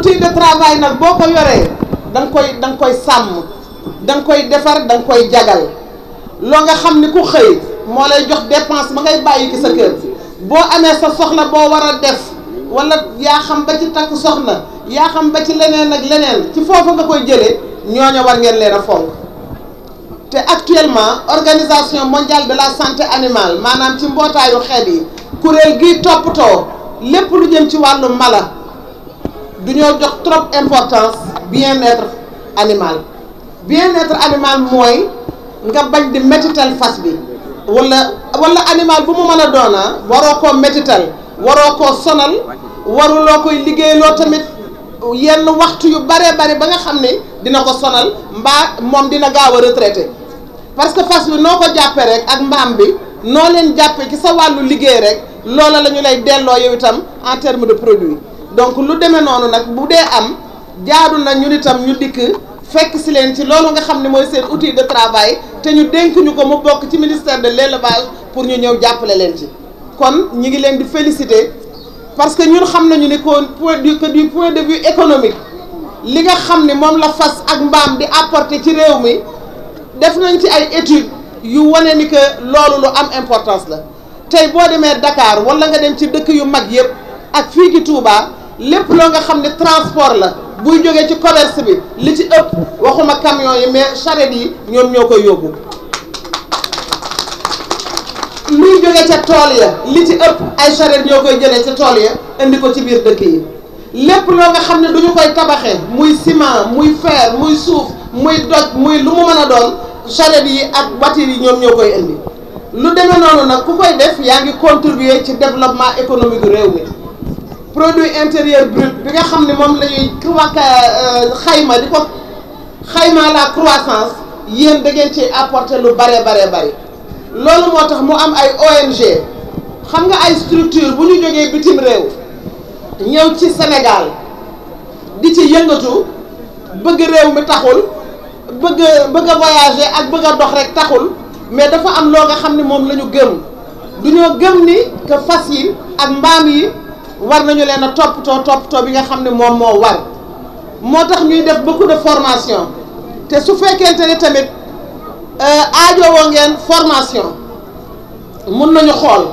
outil de travail nag boo ko yoree da nga koy da nga koy sàmm da koy defar da koy jagal loo nga xam ni ku xëy moo lay jox dépense ba ngay bàyyi ci sa kër boo amee sa soxla boo war a def wala yaa xam ba ci takk soxna yaa xam ba ci leneen ak leneen ci foofu nga koy jëlee ñoo war ngeen leen a fonk te actuellement organisation mondiale de la santé animale maanaam ci mbootaayu xeet yi kuréel gi toppatoo lépp lu jëm ci wàllu mala du ñoo jox trop importance bien-être animal bien-être animal mooy nga bañ di métital fas bi wala wala animal bu mu mën a doona ah, waroo koo métital waroo koo sonal waruloo koy liggéeyloo tamit yenn waxtu yu bare bare ba nga xam ne dina ko sonal mbaa moom dina gaaw a retraité parce que fas bi noo ko jàppee rek ak mbaam bi noo leen jàppee ci sa wàllu liggéey rek loola la ñu lay delloo yow itam en terme de produit donc lu demee noonu nag bu dee am jaadu na ñun itam ñu dikk fekk si leen ci loolu nga xam ne mooy seen outil de travail te ñu dénk ñu ko mu bokk ci ministère de l'élevage pour ñu ñëw jàppale leen ci kon ñu ngi leen di félicité parce que ñun xam nañu ni ne que du point de vue économique li nga xam ne moom la fas ak mbaam di apporter ci réew mi def nañ ci ay études yu wane ni que loolu lu am importance la tey boo demee dakaar wala nga dem ci dëkk yu mag yëpp ak fii ci lépp loo nga xam ne transport la buy jógee ci commerce bi li ci ëpp waxuma camion yi mais charrette yi ñoom ñoo koy yóbbu luy jógee ca tool ya li ci ëpp ay charrette ñoo koy jëlee ca tool ya indi ko ci biir dëkk yi lépp loo nga xam ne du ñu koy tabaxee muy ciment muy fer muy suuf muy doj muy lu mu mën a doon charrette yi ak voiture yi ñoom ñoo koy indi lu demee noonu nag ku koy def yaa ngi contribuer ci développement économique du réew mi produit intérieur brut bi nga xam ne moom la ñuy euh, xayma di ko xayma la croissance yéen da ngeen ci apporter lu bare bare bare loolu moo tax mu am ay ONG xam nga ay structure bu ñu jógee bitim réew ñëw ci Sénégal di ci yëngatu bëgg réew mi taxul bëgg bëgg voyager ak bëgg dox rek taxul mais dafa am loo nga xam ni moom la ñu gëm du ñoo gëm ni que fas yi ak mbaam yi war nañu leen a toppatoo toppatoo bi nga xam ne moom moo war moo tax ñuy def ba ku def formation te su fekkente ne tamit euh, aajowoo ngeen formation mun nañu xool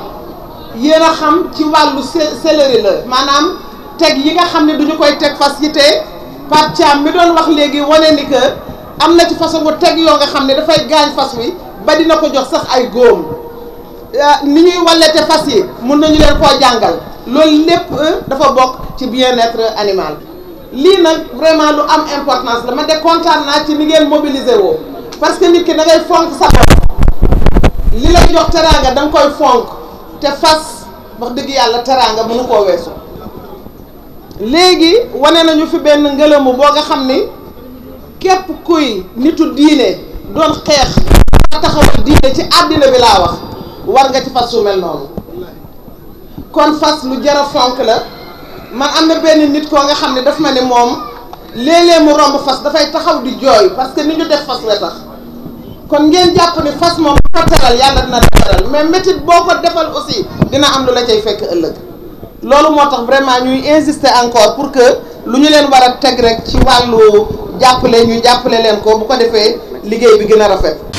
yéen a xam ci wàllu céleri la maanaam teg yi nga xam ne duñu koy teg fas yi te Pape Thiam mi doon wax léegi wane ni que am na ci façon bu teg yoo nga xam ne dafay gaañ fas wi ba dina ko jox sax ay góom euh, ni ñuy wallete fas yi mun nañu leen koo jàngal loolu lépp dafa bokk ci bien-être animal lii nag vraiment lu am importance dama de kontaan naa ci ni ngeen mobiliser woo parce que nit ki da ngay fonk sa li lay jox teraanga da koy fonk te fas wax dëgg yàlla teraanga mënu koo weesu léegi wane nañu fi benn ngëlëmu boo nga xam ni képp kuy nitu diine doon xeex taxawal diine ci àddina bi laa wax war nga ci fas su mel noonu kon fas lu jar a fonk la man am na benn nit koo nga xam ne daf ma ne moom léeg-léeg mu romb fas dafay taxaw di jooy parce que ni ñu def fas we tax kon ngeen jàpp ne fas moom ko teral yàlla dina teral mais métit boo ko defal aussi dina am lu la cay fekk ëllëg loolu moo tax vraiment ñuy insister encore pour que lu ñu leen war a teg rek ci wàllu jàppale ñu jàppale leen ko bu ko defee liggéey bi gën a rafet